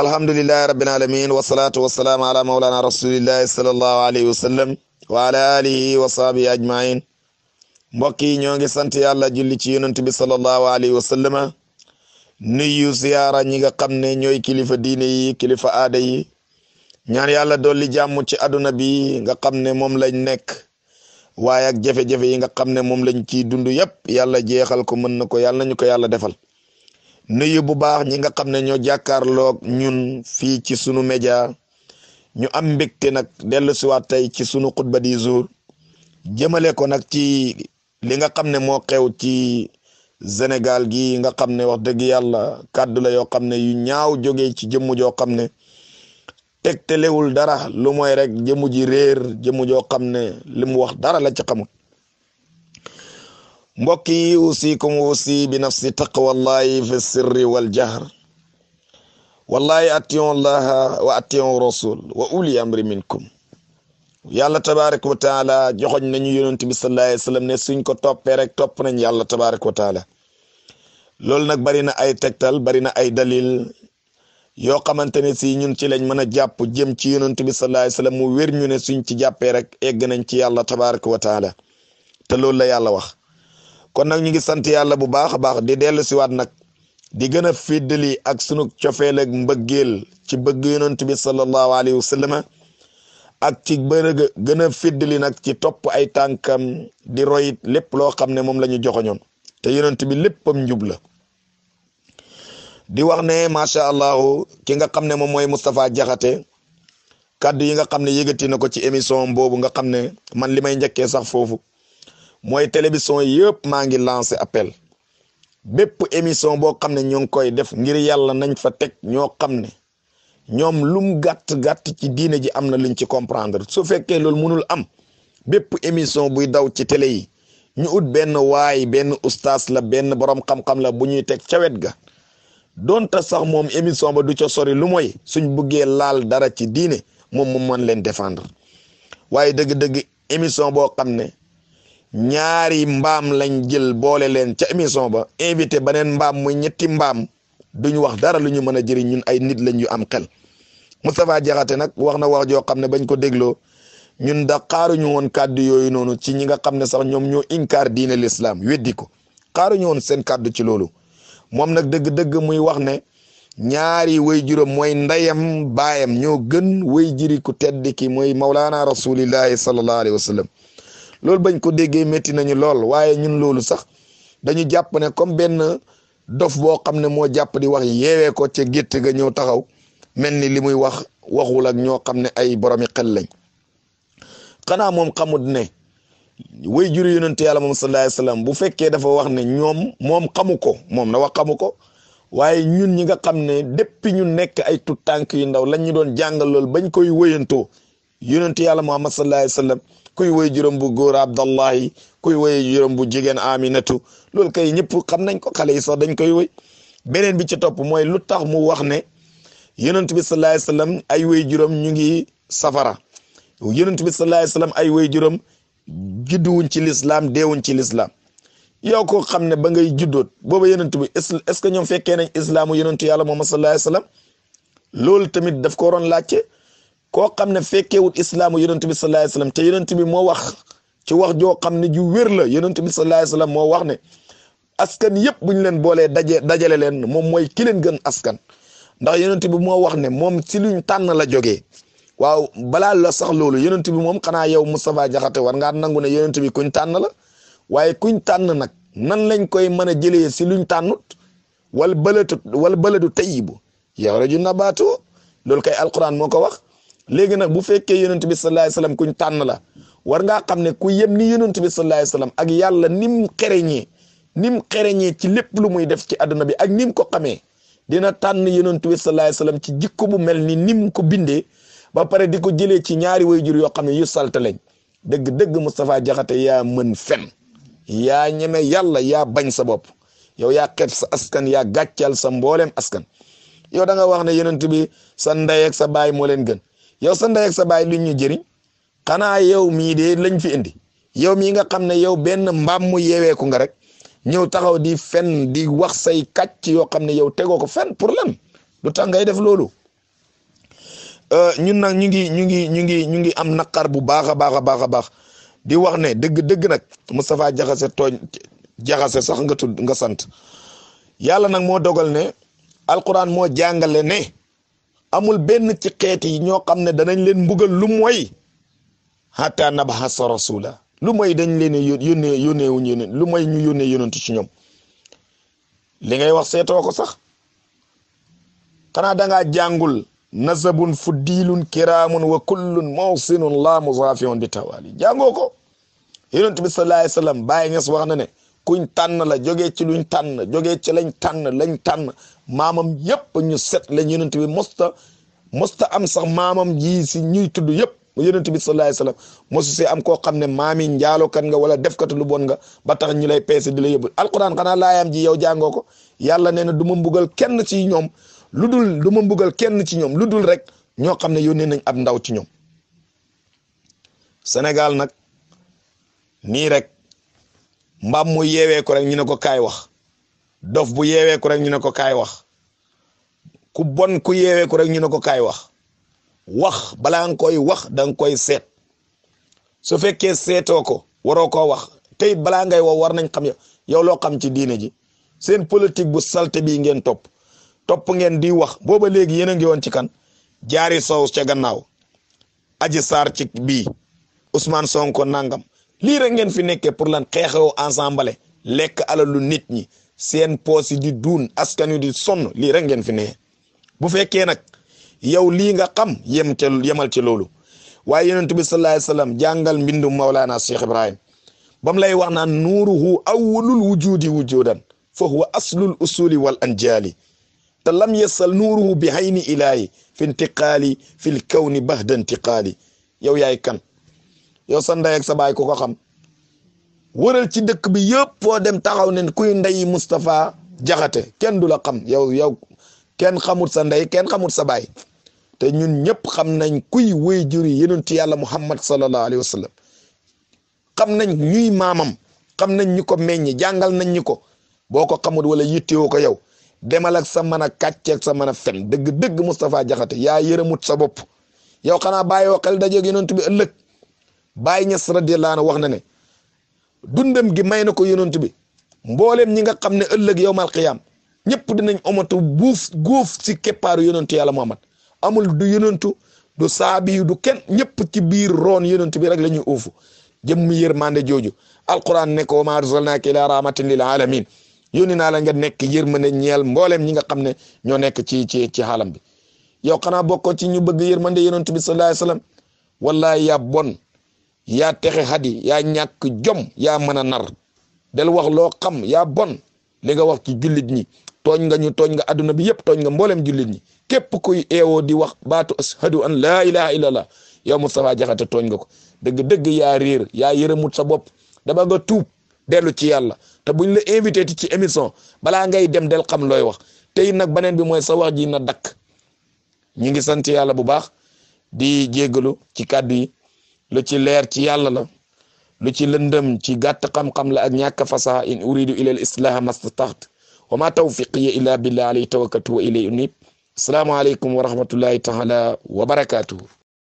alhamdulillahi rabbil alamin wasalaatu wasalaamu ala maulana rasulillahi sallallahu alayhi wa sallam wa ala alihi wa sahbihi ajmain mbokk yi ñoo ngi sant yàlla julli ci yonent bi sallallahu alayhi wa sallama nuyu ziyaara ñi nga xam ne ñooy kilifa diine yi kilifa aada yi ñaan yàlla dolli jàmm ci àdduna bi nga xam ne moom lañ nekk waaye ak jafe yi nga xam ne moom lañ ciy dund yépp yàlla jeexal ko mën na ko yàlla nañu ko yàlla defal nuyu bu baax ñi nga xam ne ñoo jàkkaarloog ñun fii ci sunu média ñu am mbégte nag dellu siwaat tey ci sunu xutba di jour jëmale ko nag ci li nga xam ne moo kew ci Sénégal gi nga xam ne wax dëgg yàlla kàddu la yoo xam ne yu ñaaw jógee ci jëmm joo xam ne tegtelewul dara lu mooy rek jëmm ji réer jëmm joo xam ne li mu wax dara la ci xamul mbokk yi usikum usi bi nafsi taqwallahi fi sirri wal jahr wallahi atiyon allaha wa atiyon rasul wa uli amri minkum yàlla tabaraka wa taala joxoñ nañu yonent bi sallallahu alayhi wasallam ne suñ ko toppee rek topp nañ yàlla tabaraka wa taala loolu nag bari na ay tegtal bari na ay dalil yoo xamante ne si ñun ci lañ mën a jàpp jëm ci yonent bi sallallahu alayhi wasallam mu wér ñu ne suñ ci jàppee rek egg nañ ci yàlla tabaraka wa taala te loolu la yàlla wax kon nag ñu ngi sant yàlla bu baax a baax di dellu siwaat nag di gën a fiddali ak sunu cofeel ak mbëggeel ci bëgg yonent bi sallallahu alayhi wa sallam ak ci bërëg gën a fiddali nag ci topp ay tànkam di royit lépp loo xam ne moom la ñu joxoñoon te yonent bi léppam njub la di wax ne macha allahu ki nga xam ne moom mooy Moustapha Jaxate kàddu yi nga xam ne yëgati na ko ci émission boobu nga xam ne man li may njëkkee sax foofu mooy télévision yëpp maa ngi lancé appel bépp émission boo xam ne ñu ngi koy def ngir yàlla nañ fa teg ñoo xam ne ñoom lum gàtt gàtt ci diine ji am na luñ ci comprendre su fekkee loolu mënul am bépp émission buy daw ci télé yi ñu ut benn waay benn ustaas la benn borom xam-xam la bu ñuy teg ca wet ga donte sax moom émission ba du ca sori lu mooy suñ buggee laal dara ci diine moom moom mën leen défendre waaye dëgg-dëgg émission boo xam ne ñaari mbaam lañ jël boole leen ca émission ba invité beneen mbaam muy ñetti mbaam duñ wax dara lu ñu mën a jëriñ ñun ay nit lañ yu am xel Moustapha Diakhaté nag wax na wax joo xam ne bañ ko dégloo ñun da xaaruñu woon kàddu yooyu noonu ci ñi nga xam ne sax ñoom ñoo inkaar diine l'islam weddi ko xaaruñu woon seen kàddu ci loolu moom nag dëgg-dëgg muy wax ne ñaari way juróom mooy ndeyam baayam ñoo gën way jiri ku tedd ki mooy Maulana rasulillahi sallallahu alayhi wa sallam loolu bañ ko déggee métti nañu lool waaye ñun loolu sax dañu jàpp ne comme benn dof boo xam ne moo jàpp di wax yeewee ko ci gétt ga ñëw taxaw mel ni li muy wax waxul ak ñoo xam ne ay boromi xel lañ xanaa moom xamut ne way juri yonente yàlla moom sallallahu alayhi bu fekkee dafa wax ne ñoom moom xamu ko moom na wax xamu ko waaye ñun ñi nga xam ne depuis ñu nekk ay tut tànk yu ndaw lañ ñu doon jàngal lool bañ koy wéyantoo yonente yàlla Muhammad sallallahu alayhi kuy woy juróom bu góor Abdallahi kuy woy juróom bu jigéen Aminatu lool kay ñëpp xam nañ ko xale yi sax dañ koy woy beneen bi ci topp mooy lu tax mu wax ne yonent bi sallallahu alayhi wasallam ay woy juróom ñu ngi safara yonent bi sallallahu alayhi wasallam ay woy juróom judduwuñ ci lislaam deewuñ ci lislaam yow xam ne ba ngay juddoot booba yonent bi est-ce que ñoom fekkee nañ islaamu yonentu yàlla moom sallallahu alayhi wasallam tamit daf ko waroon koo xam ne fekkeewut islaamu yonent bi sallallahu alayhi wasallam te yonent bi moo wax ci wax joo xam ne ju wér la yonent bi sallallahu alayhi wasallam moo wax ne askan yëpp bu ñu leen boolee daje dajale leen moom mooy ki leen gën askan ndax yonent bi moo wax ne moom ci luñ tànn la jógee waaw balaa la sax loolu yonent bi moom xanaa yow Moustapha Diakhaté war ngaa nangu ne yonent bi kuñ tànn la waaye kuñ tànn nag nan lañ koy mën a jëlee si luñ tànnut wal baladu wal baladu tayyibu yaxruju nabaatu loolu kay alquran moo ko wax léegi nag bu fekkee yonent bi sallallahu alayhi wasallam kuñ tànn la war ngaa xam ne ku yem ni yonent bi sallallahu alayhi ak yàlla nim xereñee nim xereñee ci lépp lu muy def ci àdduna bi ak nim ko xamee dina tànn yonent bi sallallahu alayhi wasallam ci jikko bu mel ni nim ko bindee ba pare di ko jëlee ci ñaari wayjur yoo xam ne yu salte lañ dëgg-dëgg Moustapha Diakhaté yaa mën fen yaa ñeme yàlla yaa bañ sa bopp yow yaa xeeb sa askan yaa gàccal sa mbooleem askan yow da nga wax ne yonent bi sa ndey sa baay moo leen gën yow sa ndey ak sa baay luñ ñu jëriñ xanaa yow mii de lañ fi indi yow mii nga xam ne yow benn mbaam mu yeeweeku nga rek ñëw taxaw di fen di wax say kàcc yoo xam ne yow tegoo ko fen pour lan lu tax ngay def loolu euh, ñun nag ñu ngi ñu ngi ñu ngi ñu ngi am naqar bu baax a baax a baax a baax di wax ne dëgg dëgg nag Moustapha Jaxase tooñ Jaxase sax nga tudd nga sant yàlla nag moo dogal ne alquran moo jàngale ne. amul benn ci xeet yi ñoo xam ne danañ leen mbugal lu mooy hatta nabhasa rasula lu mooy dañ leen yónnee yónnee wuñ yónnee lu mooy ñu yónnee yónnentu ci ñoom li ngay wax seetoo ko sax xanaa dangaa jàngul nasabun fuddilun kiraamun wa kullun mawsinun la muzafiun bi tawali jàngoo ko yonent bi sallallahu alayhi wasallam Baay Ñas wax na ne kuñ tànn la jógee ci luñ tànn jógee ci lañ tànn lañ tànn maamam yëpp ñu set lañ yonent bi mosta mosta am sax maamam ji si ñuy tudd yëpp yonent bi sallallahu alayhi wasallam mosu si am koo xam ne maami njaalokat nga wala defkat lu bon nga ba tax ñu lay peese di la yóbbu kana xanaa laayaam ji yow jàngoo ko yàlla nee na du ma mbugal kenn ci ñoom lu dul du ma mbugal kenn ci ñoom lu dul rek ñoo xam ne yónnee nañ ab ndaw ci ñoom Sénégal nag nii rek mbaam mu yeewee ko rek ñu ne ko kaay wax dof bu yeewee ko rek ñu ne ko kaay wax ku bon ku yeewee rek ñu ne ko kaay wax wax balaa nga koy wax da koy seet su fekkee seetoo ko waroo ko wax tey balaa ngay woo war nañ kam yow loo xam ci diine ji seen politique bu salte bii ngeen topp topp ngeen di wax booba léegi yéen a ngi woon ci kan jaari sow ca gannaaw aji saar ci bii Ousmane Sonko nangam lii rek ngeen fi nekkee pour lan xeexoo ensemble lekk alalu nit ñi seen poos yi di askan wi di sonn lii rek ngeen fi ne bu fekkee nag yow lii nga xam yem yemal ci loolu waaye yonent bi sallallahu alayhi jàngal mbindum Mawlana Cheikh Ibrahim bam lay wax naan nuuruhu awwalul wujudi wujudan fa huwa aslul usuli wal anjali te lam yasal nuuruhu bi hayni ilaahi fi intiqaali fi l ba da intiqaali yow yaay kan yow sa ndey sa baay ku ko xam wëral ci dëkk bi yëpp foo dem taxaw ne kuy ndeyi Moustapha Jaxate kenn du la xam yow yow kenn xamut sa ndey kenn xamut sa baay te ñun ñëpp xam nañ kuy wéy jur yi yonentu yàlla Muhammad sallallahu alayhi wa sallam xam nañ ñuy maamam xam nañ ñu ko meññi jàngal nañ ñu ko boo ko xamut wala yittewoo ko yow demal ak sa mën a kàcceeg sa mën a fen dëgg dëgg Moustapha Jaxate yaa yërëmut sa bopp yow xanaa bàyyi xel dajeeg yonent bi ëllëg Baay Ñas radiyallaahu anhu wax na ne dundam gi may na ko yonent bi mbooleem ñi nga xam ne ëllëg yowmal qiyaam ñëpp dinañ omatu buuf guuf si keppaaru yonentu yàlla Muhammad amul du yonentu du saabi du kenn ñëpp ci biir roon yonent bi rek la ñuy uufu jëmm yërmande jooju alquran ne ko wa maa arsalnaaka ilaa rahmatin lil aalamiin yónni naa la nga nekk yërmande ñeel mbooleem ñi nga xam ne ñoo nekk ci ci ci xaalam bi yow xanaa bokkoo ci ñu bëgg yërmande yonent bi sallallaahu alayhi wa sallam wallahi yaa bon yaa texe xadi yaa ñàkk jom yaa mën a nar del wax loo xam yaa bon li nga wax ci jullit ñi tooñ nga ñu tooñ nga adduna bi yëpp tooñ nga mboolem jullit ñi képp kuy eewoo di wax baatu ashadu an laa ilaha illallah yow Moustapha Jaxate tooñ nga ko dëgg-dëgg yaa réer yaa yërëmut sa bopp dama ga tuub dellu ci yàlla te buñ la invité ci émission balaa ngay dem del xam looy wax tey nag beneen bi mooy sa wax ji na dakk ñu ngi sant yàlla bu baax di jéggalu ci kàddu yi lu ci leer ci yàlla la lu ci lëndëm ci gàtt xam-xam la ak ñàkk fasaha in uridu ila al islaha mastataxt wa ma tawfiqiya illa billah alayhi tawakkatu wa ilayhi unib assalaamu aleykum wa rahmatullahi taala wa barakatuhu